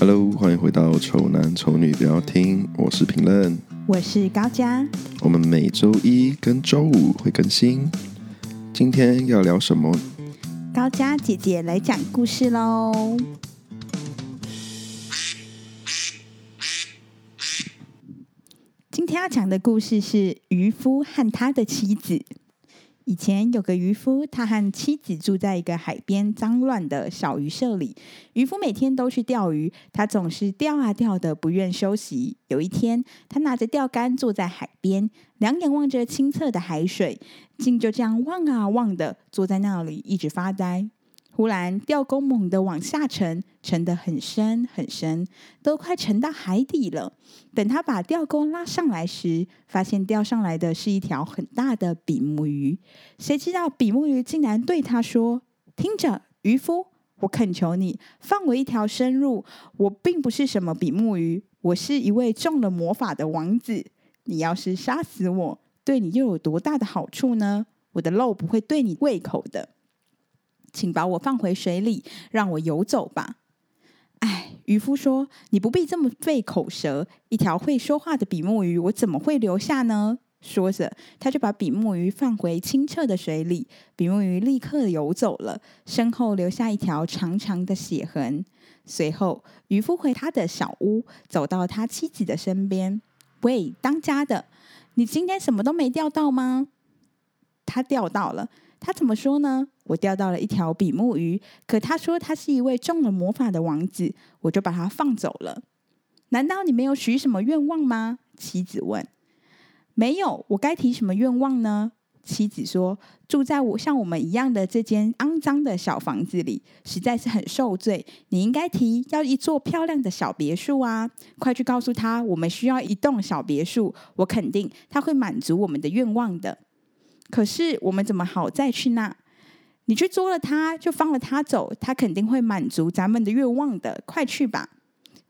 Hello，歡迎回到《醜男醜女不要聽》，我是評論，我是高嘉。我們每周一跟周五會更新。今天要聊什麼？高嘉姐姐來講故事嘍。今天要講的故事是漁夫和他的妻子。以前有個漁夫，他和妻子住在一個海邊髒亂的小漁舍裡。漁夫每天都去釣魚，他總是釣啊釣的不願休息。有一天，他拿着釣竿坐在海邊，兩眼望着清澈的海水，竟就這樣望啊望的坐在那裡，一直發呆。忽然，釣鈎猛地往下沉，沉得很深很深，都快沉到海底了。等他把釣鈎拉上來時，發現釣上來的是一條很大的比目魚。誰知道比目魚竟然對他說：“聽着，漁夫，我懇求你放我一條生路。我並不是什麼比目魚，我是一位中了魔法的王子。你要是殺死我，對你又有多大的好處呢？我的肉不會對你胃口的。”請把我放回水裡，讓我游走吧。唉，漁夫說：“你不必這麼費口舌。一條會說話的比目魚，我怎麼會留下呢？”說着，他就把比目魚放回清澈的水裡。比目魚立刻游走了，身後留下一條長長的血痕。隨後，漁夫回他的小屋，走到他妻子的身邊：“喂，當家的，你今天什麼都沒釣到嗎？”他釣到了。他怎麼說呢？我釣到了一條比目魚，可他說他是一位中了魔法的王子，我就把他放走了。難道你沒有許什麼願望嗎？妻子問。沒有，我該提什麼願望呢？妻子說，住在我像我們一樣的這間骯髒的小房子裡，實在是很受罪。你應該提要一座漂亮的小別墅啊！快去告訴他，我們需要一棟小別墅，我肯定他會滿足我們的願望的。可是我們怎麼好再去那？你去捉了他，就放了他走，他肯定會滿足咱們的願望的。快去吧。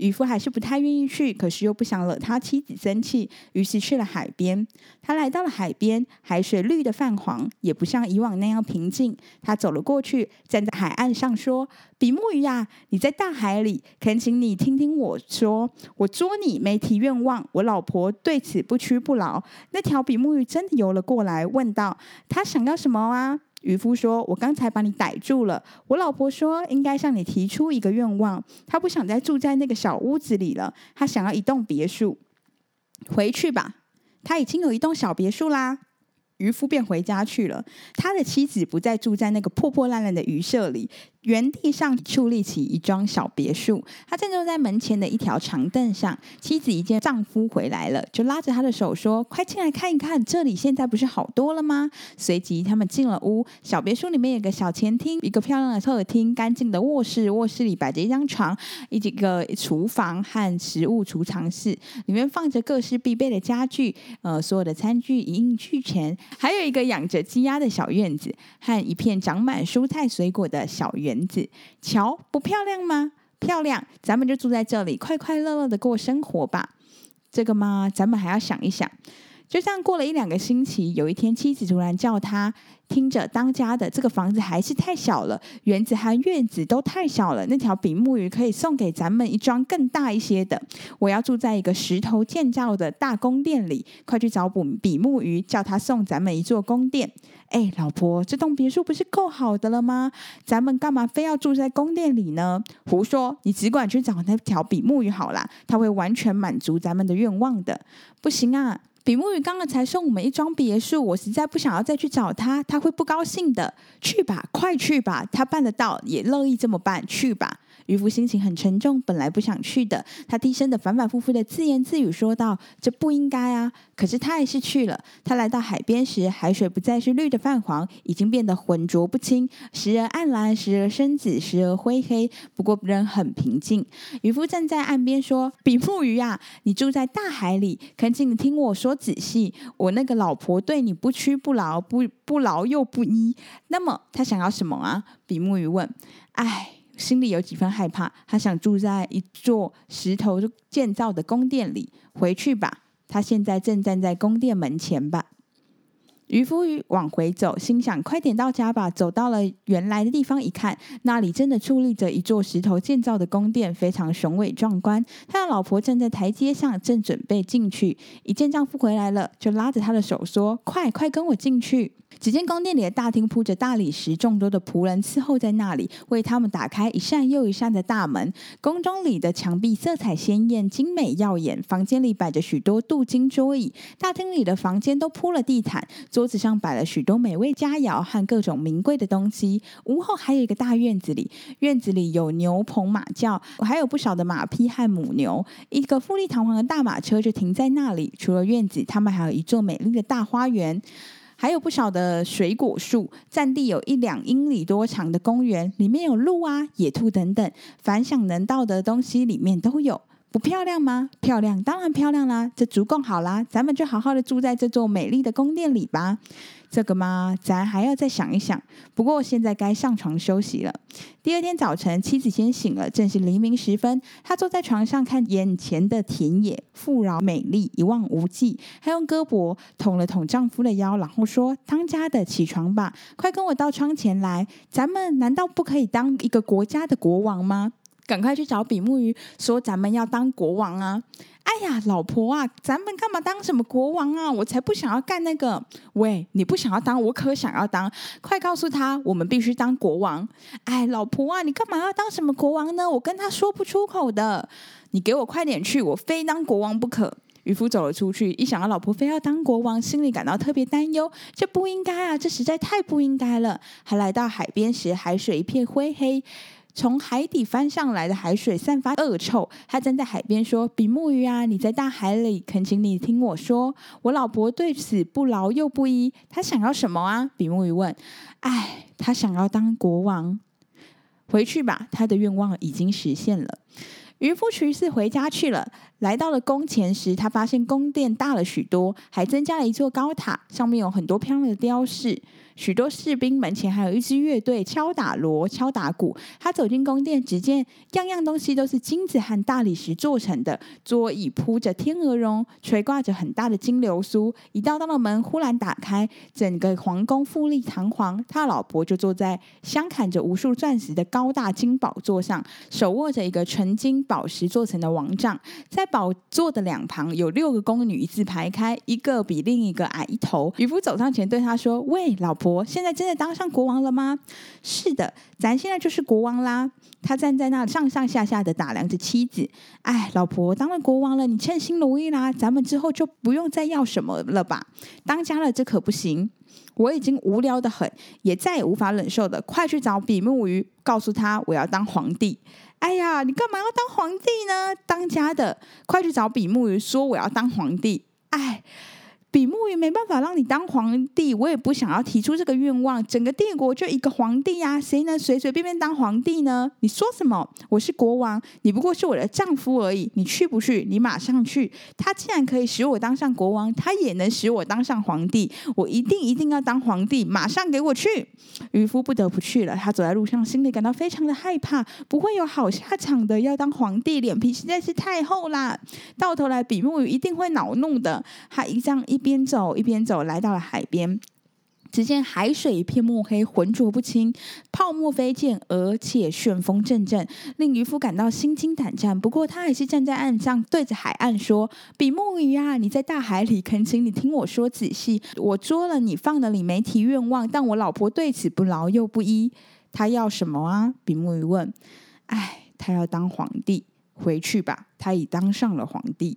漁夫還是不太願意去，可是又不想惹他妻子生氣，於是去了海邊。他來到了海邊，海水綠得泛黃，也不像以往那樣平靜。他走了過去，站在海岸上說：“比目魚呀、啊，你在大海裡，懇請你聽聽我說。我捉你沒提願望，我老婆對此不屈不撓。”那條比目魚真的游了過來，問道：“他想要什麼啊？”漁夫說：“我剛才把你逮住了。”我老婆說：“應該向你提出一個願望，她不想再住在那個小屋子裡了，她想要一棟別墅。回去吧，她已經有一棟小別墅啦。”漁夫便回家去了。他的妻子不再住在那個破破爛爛的漁舍裡，原地上矗立起一幢小別墅。他正坐在門前的一條長凳上。妻子一見丈夫回來了，就拉着他的手說：“快進來看一看，這裡現在不是好多了嗎？”隨即，他們進了屋。小別墅裡面有個小前廳，一個漂亮的客廳，乾淨的臥室。臥室裡擺着一張床，以及一個廚房和食物儲藏室，裡面放着各式必備的家具。呃，所有的餐具一應俱全。還有一個養着雞鴨的小院子，和一片長滿蔬菜水果的小園子，瞧，不漂亮嗎？漂亮，咱們就住在這裡，快快樂樂的過生活吧。這個嘛，咱們還要想一想。就這樣過了一兩個星期，有一天，妻子突然叫他：“聽着，當家的，這個房子還是太小了，園子和院子都太小了。那條比目魚可以送給咱們一幢更大一些的。我要住在一個石頭建造的大宮殿裡。快去找比比目魚，叫他送咱們一座宮殿。”“哎，老婆，這棟別墅不是夠好的了嗎？咱們幹嘛非要住在宮殿裡呢？”“胡說！你只管去找那條比目魚好了，他會完全滿足咱們的願望的。”“不行啊！”比目魚剛剛才送我們一幢別墅，我實在不想要再去找他，他會不高興的。去吧，快去吧，他辦得到，也樂意這麼辦，去吧。漁夫心情很沉重，本來不想去的。他低聲的、反反复复的自言自語說道：“這不應該啊！”可是他還是去了。他來到海邊時，海水不再是綠的泛黃，已經變得渾濁不清，時而暗藍，時而深紫，時而灰黑。不過，仍很平靜。漁夫站在岸邊說：“比目魚啊，你住在大海裡，懇請你聽我說仔細。我那個老婆對你不屈不撓，不不撓又不依。那麼，他想要什麼啊？”比目魚問：“唉。”心裡有幾分害怕，他想住在一座石頭建造的宮殿裡。回去吧，他現在正站在宮殿門前吧。漁夫魚往回走，心想：快點到家吧。走到了原來的地方，一看，那裡真的矗立着一座石頭建造的宮殿，非常雄偉壯觀。他的老婆站在台階上，正準備進去，一見丈夫回來了，就拉着他的手說：快快跟我進去。只見宮殿裡的大廳鋪着大理石，眾多的僕人伺候在那裡，為他們打開一扇又一扇的大門。宮中裡的牆壁色彩鮮豔、精美耀眼，房間裡擺着許多鍍金桌椅。大廳裡的房間都鋪了地毯，桌子上擺了許多美味佳肴和各種名貴的東西。屋後還有一個大院子裡，院子裡有牛棚馬廄，還有不少的馬匹和母牛。一個富麗堂皇的大馬車就停在那裡。除了院子，他們還有一座美麗的大花園。還有不少的水果樹，占地有一兩英里多長的公園，裡面有鹿啊、野兔等等，凡想能到的東西，裡面都有。不漂亮嗎？漂亮，當然漂亮啦！這足夠好啦，咱們就好好的住在這座美麗的宮殿裡吧。這個嗎？咱還要再想一想。不過現在該上床休息了。第二天早晨，妻子先醒了，正是黎明時分。她坐在床上看眼前的田野，富饒美麗，一望無際。她用胳膊捅了捅丈夫的腰，然後說：“當家的，起床吧，快跟我到窗前來。咱們難道不可以當一個國家的國王嗎？”趕快去找比目魚，說咱們要當國王啊！哎呀，老婆啊，咱們幹嘛當什麼國王啊？我才不想要幹那個！喂，你不想要當，我可想要當！快告訴他，我們必須當國王！哎，老婆啊，你幹嘛要當什麼國王呢？我跟他說不出口的。你給我快點去，我非當國王不可！漁夫走了出去，一想到老婆非要當國王，心裡感到特別擔憂。這不應該啊，這實在太不應該了！還來到海邊時，海水一片灰黑。從海底翻上來的海水散發惡臭。他站在海邊說：“比目魚啊，你在大海裡，懇請你聽我說，我老婆對此不饒又不依。她想要什麼啊？”比目魚問。“唉，她想要當國王。”回去吧，他的願望已經實現了。漁夫於是回家去了。來到了宮前時，他發現宮殿大了許多，還增加了一座高塔，上面有很多漂亮的雕飾。許多士兵，門前還有一支樂隊，敲打鑼，敲打鼓。他走進宮殿，只見樣樣東西都是金子和大理石做成的，桌椅鋪着天鵝絨，垂掛着很大的金流蘇。一道道的門忽然打開，整個皇宮富麗堂皇。他老婆就坐在鑲嵌着無數鑽石的高大金寶座上，手握着一個純金寶石做成的王杖。在寶座的兩旁有六個宮女一字排開，一個比另一個矮一頭。漁夫走上前對他說：“喂，老婆。”現在真的當上國王了嗎？是的，咱現在就是國王啦。他站在那上上下下的打量着妻子。哎，老婆，當了國王了，你稱心如意啦。咱們之後就不用再要什麼了吧？當家了，這可不行。我已經無聊得很，也再也無法忍受的。快去找比目魚，告訴他我要當皇帝。哎呀，你幹嘛要當皇帝呢？當家的，快去找比目魚，說我要當皇帝。哎。比目魚沒辦法讓你當皇帝，我也不想要提出這個願望。整個帝國就一個皇帝呀，啊，誰能隨隨便便當皇帝呢？你說什麼？我是國王，你不過是我的丈夫而已。你去不去？你馬上去。他既然可以使我當上國王，他也能使我當上皇帝。我一定一定要當皇帝，馬上給我去！漁夫不得不去了。他走在路上，心裡感到非常的害怕，不會有好下場的。要當皇帝，臉皮實在是太厚啦。到頭來，比目魚一定會惱怒的。他一張一。邊走一邊走，來到了海邊。只見海水一片墨黑，渾濁不清，泡沫飛濺，而且旋風陣陣，令漁夫感到心驚膽戰。不過他還是站在岸上，對着海岸說：“比目魚啊，你在大海裡，懇請你聽我說仔細。我捉了你，放了你，沒提願望。但我老婆對此不饒又不依，她要什麼啊？”比目魚問。“唉，她要當皇帝。回去吧，她已當上了皇帝。”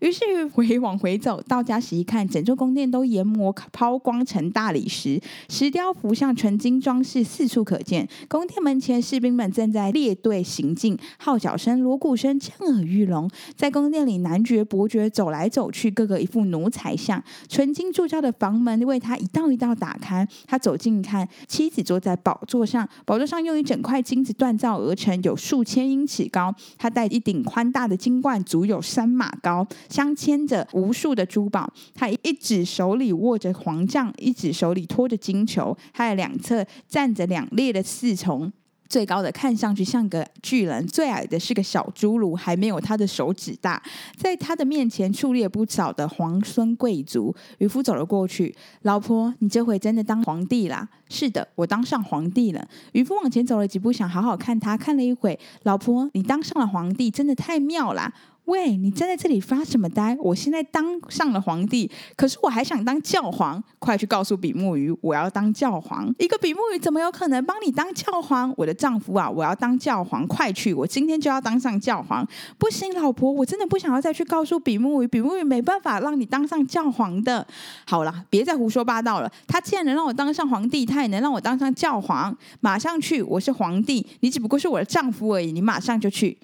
於是回，往回走，到家時一看，整座宮殿都研磨拋光成大理石，石雕佛像、純金裝飾，四處可見。宮殿門前，士兵們正在列隊行進，號角聲、鑼鼓聲震耳欲聾。在宮殿裡，男爵、伯爵走來走去，個個一副奴才相。純金鑄造的房門為他一道一道打開。他走近一看，妻子坐在寶座上，寶座上用一整塊金子鍛造而成，有數千英尺高。他戴一頂寬大的金冠，足有三碼高。鑲嵌着無數的珠寶，他一指手裡握着黃杖，一指手裡托着金球，他的兩側站着兩列的侍從，最高的看上去像個巨人，最矮的是個小侏儒，還沒有他的手指大。在他的面前處立矗立了不少的皇孫貴族。漁夫走了過去，老婆，你這回真的當皇帝啦？是的，我當上皇帝了。漁夫往前走了幾步，想好好看他，看了一會，老婆，你當上了皇帝，真的太妙啦！喂，你站在這裡發什麼呆？我現在當上了皇帝，可是我還想當教皇。快去告訴比目魚，我要當教皇。一個比目魚怎麼有可能幫你當教皇？我的丈夫啊，我要當教皇，快去！我今天就要當上教皇。不行，老婆，我真的不想要再去告訴比目魚，比目魚沒辦法讓你當上教皇的。好了，別再胡說八道了。他既然能讓我當上皇帝，他也能讓我當上教皇。馬上去，我是皇帝，你只不過是我的丈夫而已。你馬上就去。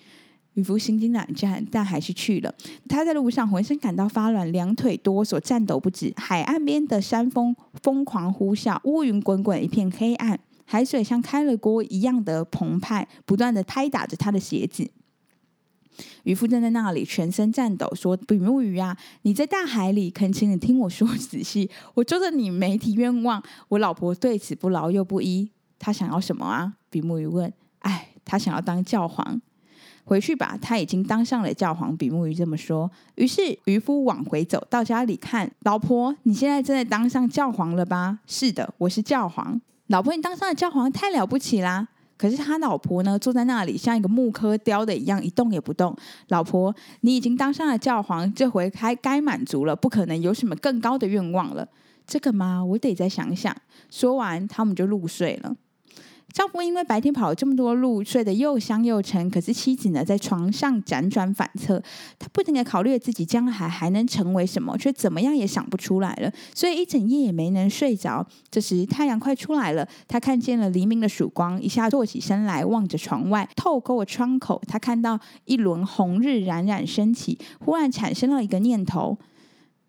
漁夫心驚膽戰，但還是去了。他在路上渾身感到發軟，兩腿哆嗦，顫抖不止。海岸邊的山峰瘋狂呼嘯，烏雲滾滾，一片黑暗。海水像開了鍋一樣的澎湃，不斷地拍打着他的鞋子。漁夫站在那裡，全身顫抖，說：“比目魚啊，你在大海裡，懇請你聽我說仔細。我求着你沒提願望，我老婆對此不牢又不依。她想要什麼啊？”比目魚問：“哎，她想要當教皇。”回去吧，他已經當上了教皇。比目魚這麼說。於是漁夫往回走到家裡看老婆，你現在真的當上教皇了吧？是的，我是教皇。老婆，你當上了教皇，太了不起啦。可是他老婆呢，坐在那裡像一個木刻雕的一樣，一動也不動。老婆，你已經當上了教皇，這回該該滿足了，不可能有什麼更高的願望了。這個嘛？我得再想想。說完，他們就入睡了。丈夫因為白天跑了這麼多路，睡得又香又沉。可是妻子呢，在床上輾轉反側，他不停的考慮自己將來還，還能成為什麼，卻怎麼樣也想不出來了，所以一整夜也沒能睡着。這時太陽快出來了，他看見了黎明的曙光，一下坐起身來，望着窗外透過的窗口，他看到一輪紅日冉冉升起，忽然產生了一個念頭：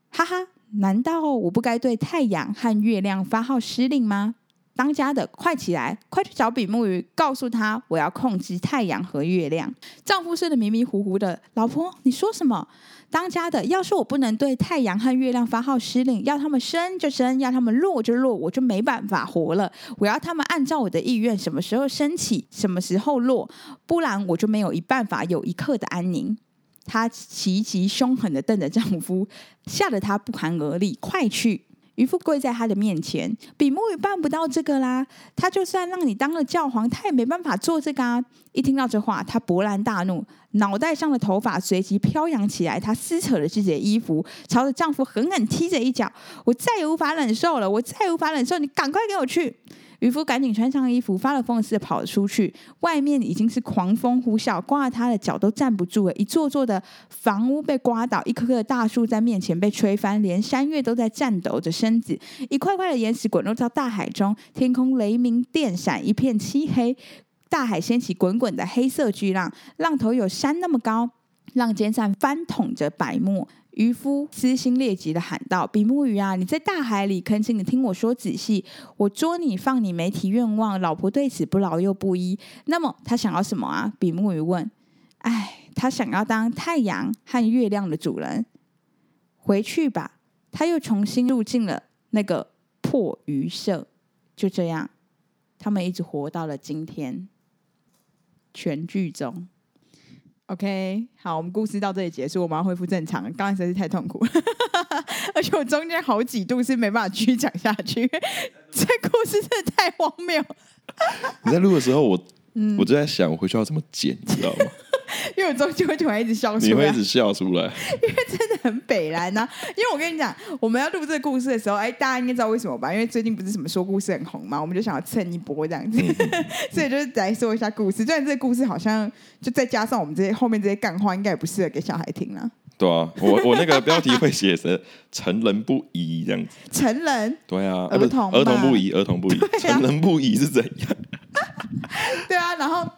哈哈，難道我不該對太陽和月亮發號施令嗎？當家的，快起來，快去找比目魚，告訴他我要控制太陽和月亮。丈夫睡得迷迷糊糊的，老婆，你說什麼？當家的，要是我不能對太陽和月亮發號施令，要他們升就升，要他們落就落，我就沒辦法活了。我要他們按照我的意願，什麼時候升起，什麼時候落，不然我就沒有一辦法有一刻的安寧。她極其凶狠的瞪着丈夫，嚇得他不寒而栗。快去！漁夫跪在他的面前，比目魚辦不到這個啦。他就算讓你當了教皇，他也沒辦法做這個啊。一聽到這話，他勃然大怒，腦袋上的頭髮隨即飄揚起來。他撕扯了自己的衣服，朝着丈夫狠狠踢着一腳。我再也無法忍受了，我再也無法忍受，你趕快給我去！漁夫趕緊穿上衣服，發了瘋似的跑了出去。外面已經是狂風呼嘯，颳得他的腳都站不住了。一座座的房屋被颳倒，一棵棵的大樹在面前被吹翻，連山嶽都在顫抖着身子。一塊塊的岩石滾落到大海中，天空雷鳴電閃，一片漆黑。大海掀起滾滾的黑色巨浪，浪頭有山那麼高，浪尖上翻湧着白沫。漁夫撕心裂肺地喊道：“比目魚啊，你在大海裡，懇請你聽我說仔細。我捉你，放你，沒提願望。老婆對此不饒又不依。那麼他想要什麼啊？”比目魚問。唉“哎，他想要當太陽和月亮的主人。”回去吧。他又重新入進了那個破漁舍。就這樣，他們一直活到了今天。全劇終。OK，好，我們故事到這裡結束，我們要恢復正常。剛才實在是太痛苦， 而且我中間好幾度是沒辦法繼續講下去，這故事真的太荒謬。 你在錄的時候，我，我就在想，我回去要怎麼剪，你知道嗎？ 因為我中間會突然一直笑出來，你會一直笑出來，因為真的很北爛呢、啊。 因為我跟你講，我們要錄這個故事的時候，哎、欸，大家應該知道為什麼吧？因為最近不是什麼說故事很紅嘛，我們就想要蹭一波這樣子，嗯、 所以就是來說一下故事。雖然這個故事好像就再加上我們這些後面這些幹話，應該也不適合給小孩聽啊。對啊，我我那個標題會寫成“成人不宜”這樣子， 成人對啊，呃、兒童兒童不宜，兒童不宜，啊、成人不宜是怎樣？ 對啊，然後。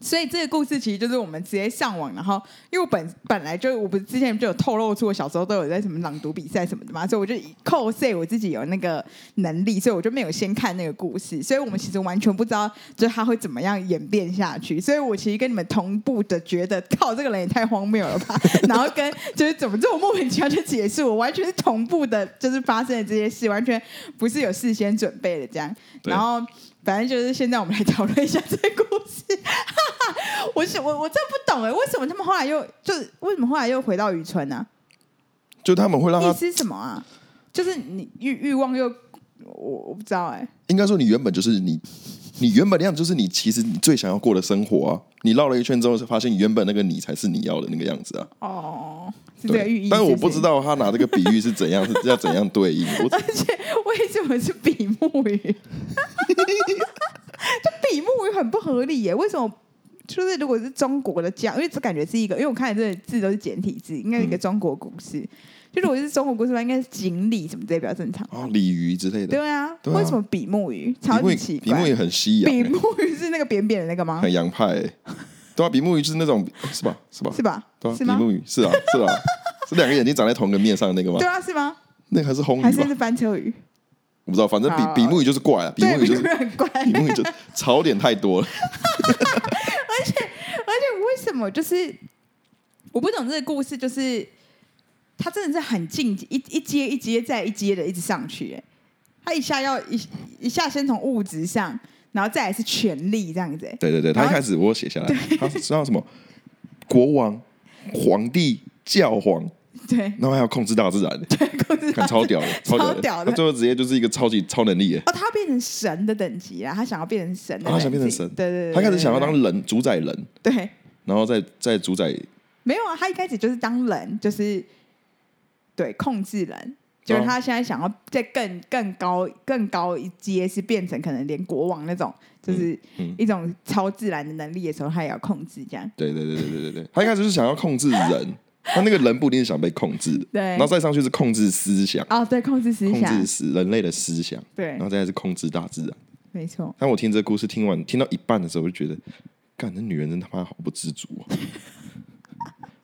所以這個故事其實就是我們直接上網，然後因為本本來就我不是之前就有透露出我小時候都有在什麼朗讀比賽什麼的嘛，所以我就靠勢我自己有那個能力，所以我就沒有先看那個故事，所以我們其實完全不知道就他會怎麼樣演變下去。所以我其實跟你們同步的，覺得靠這個人也太荒謬了吧？ 然後跟就是怎麼這麼莫名其妙就解釋，我完全是同步的，就是發生的這些事完全不是有事先準備的這樣，然後。反正就是現在，我們來討論一下這個故事。 我是我我真的不懂哎，為什麼他們後來又就為什麼後來又回到漁村呢、啊？就他們會讓他意思是什麼啊？就是你欲欲望又我我不知道哎。應該說你原本就是你，你原本的樣子就是你，其實你最想要過的生活啊。你繞了一圈之後，才發現原本那個你才是你要的那個樣子啊。哦、oh, 對，是這個寓意是不是？但我不知道他拿這個比喻是怎樣， 是要怎樣對應。我而且我為什麼是比目魚？ 就比目魚很不合理耶，為什麼？就是如果是中國的講，因為只感覺是一個，因為我看的這個字都是簡體字，應該是一個中國故事。嗯、就如果是中國故事，那應該是錦鯉什麼的比較正常哦，鯉魚之類的。對啊，對啊，為什麼比目魚超級奇怪？比目魚，魚很西洋、欸，比目魚是那個扁扁的那個嗎？很洋派、欸，對吧、啊？比目魚就是那種、欸、是吧？是吧？是吧？比目魚是啊，是吧、啊？ 是兩個眼睛長在同一個面上的那個嗎？對啊，是嗎？那個還是紅魚還是是翻車魚？不知道，反正比、啊、比目魚就是怪啊，對比目魚就是 比目魚就是槽點太多了 而、而且而且，為什麼就是我不懂這個故事？就是他真的是很進，一一階一階再一階的一直上去，他一下要一一下先從物質上，然後再來是權力這樣子。對對對，後他一開始我寫下來，對 他是知道什麼國王、皇帝、教皇。對，那還要控制大自然，對，控制，看超屌的，超屌的。他最後職業就是一個超級超能力耶。哦、喔，他變成神的等級啊，他想要變成神，啊，他想變成神，對對對，對對對。他一開始想要當人，主宰人，對，然後再再主宰。沒有啊，他一開始就是當人，就是對，控制人，就是他現在想要在更更高更高一階，是變成可能連國王那種，就是一種超自然的能力的時候，他也要控制這樣。對、嗯嗯、對對對對對，他一開始是想要控制人。 他那個人不一定是想被控制的，對。然後再上去是控制思想啊、哦，對，控制思想，控制思人類的思想。對。然後再是控制大自然。沒錯。但我聽這個故事聽完聽到一半的時候，我就覺得，幹，這女人真他媽好不知足啊！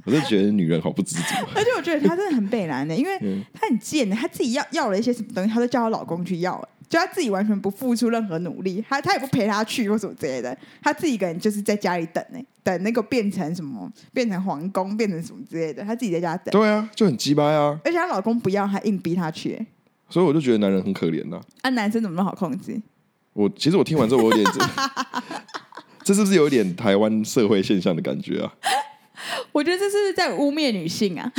我就覺得女人好不知足、啊。而且我覺得她真的很悲難呢、欸，因為她很賤呢、欸，她自己要要了一些什麼東西，她都叫她老公去要、欸，就她自己完全不付出任何努力，她她也不陪她去或什麼之類的，她自己一個人就是在家裡等呢、欸。等那個變成什麼，變成皇宮，變成什麼之類的，她自己在家等。對啊，就很雞掰啊！而且她老公不要她，硬逼她去。所以我就覺得男人很可憐啊。啊，男生怎麼好控制？我其實我聽完之後，我有點 這，是不是有一點台灣社會現象的感覺啊？我覺得這是在污蔑女性啊！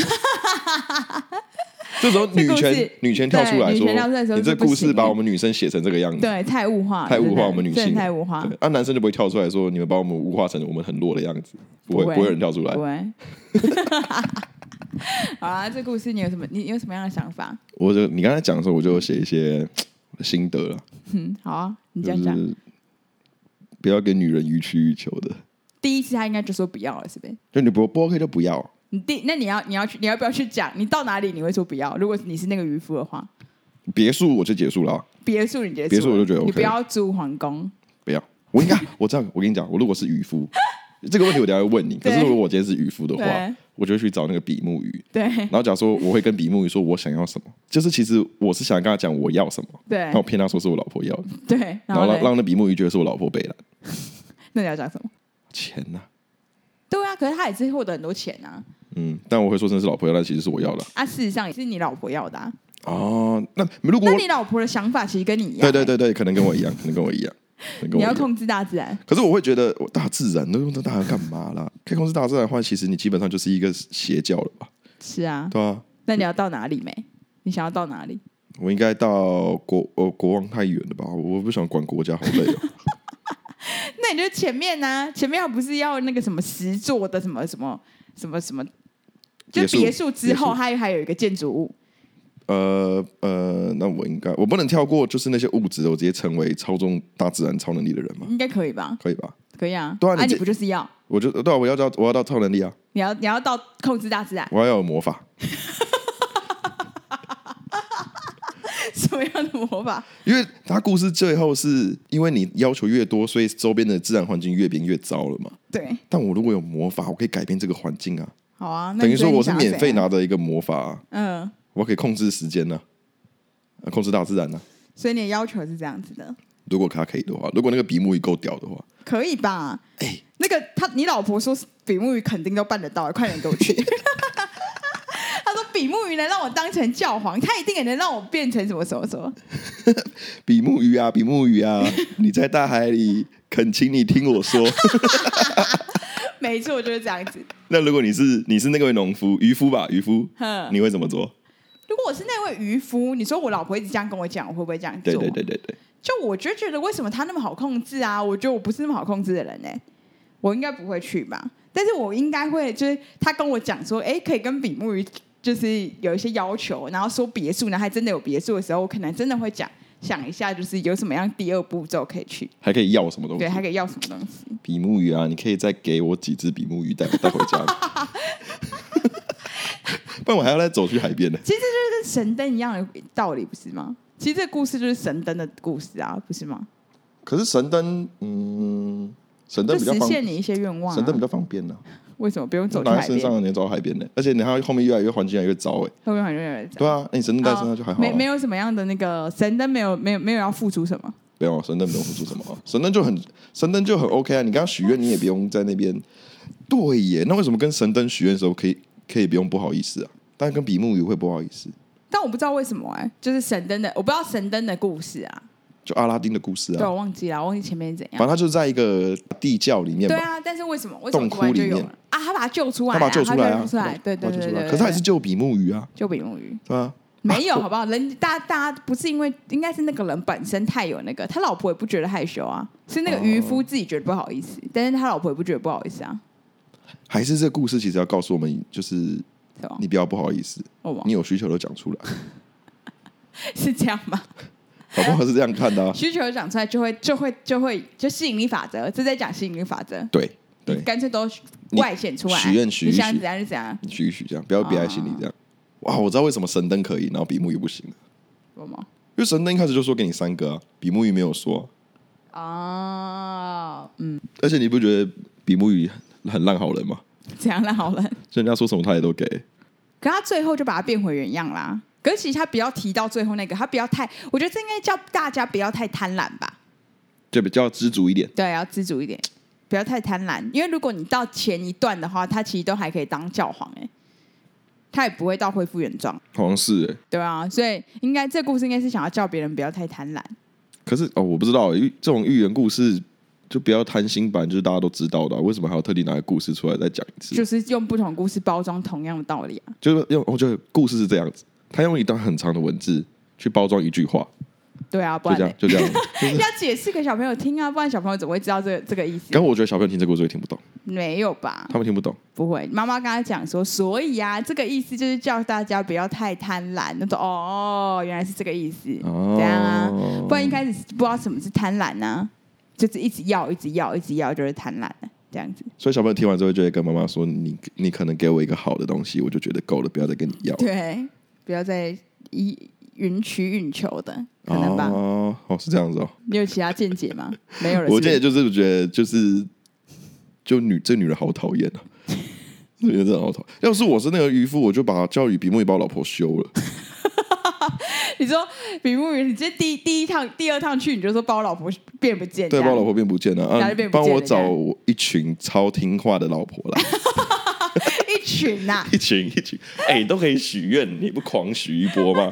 這時候女權女權跳出來說：“來說你這故事把我們女生寫成這個樣子，對，太物化，太物化我們女性，太物化。那、啊、男生就不會跳出來說，你們把我們物化成我們很弱的樣子，不會，不會有人跳出來。會 好啊，這故事你有什麼？你有什麼樣的想法？我就你剛才講的時候，我就寫一些心得了。嗯，好啊，你這樣講，就是、不要給女人予取予求的。第一次他應該就說不要了，是不？是？就你不不 OK 就不要。”你第，那你要你要去你要不要去講？你到哪裡你會說不要？如果你是那個漁夫的話，別墅我就結束了，別墅你結束，別墅我就覺得你不要住皇宮，不要。我應該我這樣，我跟你講，我如果是漁夫，這個問題我等下會問你。可是如果我今天是漁夫的話，我就去找那個比目魚。對。然後假如說我會跟比目魚說我想要什麼，就是其實我是想跟他講我要什麼。對。那我騙他說是我老婆要的。對。然後，讓讓那比目魚覺得是我老婆背了。那你要講什麼？錢吶。對啊，可是他也是獲得很多錢啊。嗯，但我會說這是老婆要，但其實是我要的。啊，事實上也是你老婆要的啊。哦、啊，那如果……那你老婆的想法其實跟你一樣欸。對對對對，可能， 可能跟我一樣，可能跟我一樣。你要控制大自然。可是我會覺得，大自然都用這大幹嘛啦？ 可以控制大自然的話，其實你基本上就是一個邪教了吧？是啊。對啊。那你要到哪裡沒？你想要到哪裡？我應該到國……呃，國王太遠了吧？我不想管國家，好累，哦 那你就前面呢、啊？前面要不是要那個什麼石座的什麼什麼什麼什麼，就別墅之後它還，宿還有一個建築物。呃呃，那我應該我不能跳過，就是那些物質，我直接成為操縱大自然超能力的人嗎？應該可以吧？可以吧？可以啊！對啊，你，啊你不就是要？我就對、啊、我要到我要到超能力啊！你要你要到控制大自然，我要有魔法。 的魔法？因為他故事最後是因為你要求越多，所以周邊的自然環境越變越糟了嘛。對。但我如果有魔法，我可以改變這個環境啊。好啊，啊等於說我是免費拿的一個魔法、啊。嗯，我可以控制時間呢、啊啊，控制大自然呢、啊。所以你的要求是這樣子的。如果他可以的話，如果那個比目魚夠屌的話，可以吧？哎、欸，那個他，你老婆說比目魚肯定都辦得到、欸，快點給我去。 比目魚能讓我當成教皇，他一定也能讓我變成什麼什麼什麼？ 比目魚啊，比目魚啊！ 你在大海裡，懇請你聽我說。 沒錯，就是這樣子。 那如果你是你是那位農夫漁夫吧，漁夫，呵你會怎麼做？如果我是那位漁夫，你說我老婆一直這樣跟我講，我會不會這樣做？對對對對對。就我就覺得，為什麼他那麼好控制啊？我覺得我不是那麼好控制的人呢、欸。我應該不會去吧？但是我應該會，就是他跟我講說，哎、欸，可以跟比目魚。就是有一些要求，然後說別墅呢，然後還真的有別墅的時候，我可能真的會講想，想一下，就是有什麼樣第二步驟可以去，還可以要什麼東西？對，還可以要什麼東西？比目魚啊，你可以再給我幾隻比目魚帶我帶回家， 不然我還要再走去海邊呢。其實就是跟神燈一樣的道理，不是嗎？其實這故事就是神燈的故事啊，不是嗎？可是神燈，嗯，神燈比較方實現你一些願望、啊，神燈比較方便呢、啊。為什麼不用走海，你要到海邊？身上，你走到海邊呢。而且你還要後面越來越環境越、欸、越來越糟哎，後面環境越來越糟。對啊，那、欸、你神燈在身上就還好、啊哦。沒沒有什麼樣的那個神燈，沒有沒有沒有要付出什麼，沒有不用，神燈不用付出什麼、啊 神燈，神燈就很神燈就很 OK 啊。你剛剛許願，你也不用在那邊 對耶。那為什麼跟神燈許願的時候可以可以不用不好意思啊？但是跟比目魚會不好意思。但我不知道為什麼哎、欸，就是神燈的，我不知道神燈的故事啊。就阿拉丁的故事啊，對，我忘記了，我忘記前面是怎樣。反正他就在一個地窖裡面。對啊，但是為什麼？洞窟裡面啊，他把他救出來，他把他救出來，對對對。可是還是救比目魚啊，救比目魚。啊，沒有，好不好？人，大大家不是因為，應該是那個人本身太有那個，他老婆也不覺得害羞啊，是那個漁夫自己覺得不好意思，但是他老婆也不覺得不好意思啊。還是這個故事其實要告訴我們，就是你不要不好意思，你有需求都講出來，是這樣嗎？好不好是這樣看的、啊，需求講出來就會就會就會，就，會就吸引力法則，就在講吸引力法則。對對，乾脆都外顯出來。許願許許，許許許你想怎樣就怎樣。你許一許這樣，不要憋在、啊、心裡這樣。哇，我知道為什麼神燈可以，然後比目魚不行了。為什麼？因為神燈一開始就說給你三個、啊，比目魚沒有說。哦、啊，嗯。而且你不覺得比目魚很爛好人嗎？怎樣爛好人？人家說什麼他也都給。可他最後就把它變回原樣啦、啊。尤其他不要提到最後那個，他不要太，我覺得這應該叫大家不要太貪婪吧，就比較知足一點。對，要知足一點，不要太貪婪。因為如果你到前一段的話，他其實都還可以當教皇哎、欸，他也不會到恢復原狀。好像是哎、欸，對啊，所以應該這故事應該是想要叫別人不要太貪婪。可是哦，我不知道，因為這種寓言故事就不要貪心版，就是大家都知道的、啊，為什麼還要特地拿個故事出來再講一次、啊？就是用不同故事包裝同樣的道理啊。就是用，我覺得故事是這樣子。他用一段很長的文字去包裝一句話，對啊，不然就這樣，就這樣，就是、 要解釋給小朋友聽啊，不然小朋友怎麼會知道這個這個意思？但我覺得小朋友聽這個故事會聽不懂，沒有吧？他們聽不懂？不會，媽媽剛才講說，所以啊，這個意思就是叫大家不要太貪婪。那種哦，原來是這個意思，這樣、哦、啊？不然一開始不知道什麼是貪婪呢、啊？就是一直要，一直要，一直要，就是貪婪的這樣子。所以小朋友聽完之後就會跟媽媽說：“你你可能給我一個好的東西，我就覺得夠了，不要再跟你要了。”對。不要再允取運球的，可能吧、啊？哦，是這樣子哦。你有其他見解嗎？沒有人。我見解就是覺得、就是，就是就女這女人好討厭啊！我覺得好討厭。要是我是那個漁夫，我就把教育比目魚把我老婆休了。 你說比目魚，你這第一第一趟、第二趟去，你就說把我老婆變不見？對，樣把我老婆變不見了，啊，幫我找一群超聽話的老婆來。 一群，啊、一群一群，哎、欸，都可以許願，你不狂許一波嗎？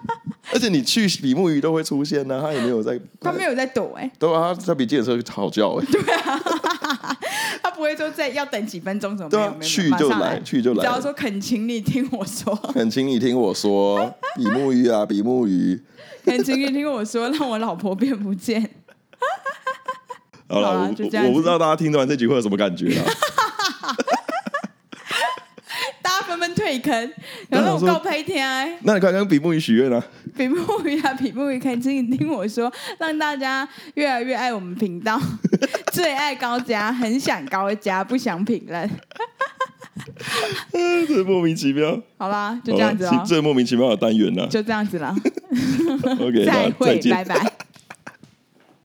而且你去比目魚都會出現呢、啊，他也沒有在，他，他沒有在躲哎、欸，對啊，他比建設好叫哎、欸，對啊，他不會說再要等幾分鐘什都什麼，對，去就來，去就來，只要說懇請你聽我說，懇請 你聽我說，比目魚啊，比目魚，懇 請你聽我說，讓我老婆變不見， 好了， 就這樣，我不知道大家聽完這句話會有什麼感覺啊。坑，然後夠那你可以跟比目魚許願啦，比目魚啊，比目魚可以聽聽我說，讓大家越來越愛我們頻道。 最愛高家，很想高家，不想評論。這 莫名其妙。好吧，就這樣子哦。最莫名其妙的單元了就這樣子了。 okay, 再會，再見拜拜。